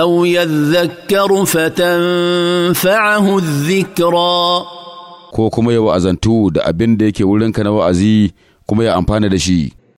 أو يذكر فتنفعه الذكرى ko kuma ya wa'azantu da abin da yake wurinka na wa'azi kuma ya amfana da shi.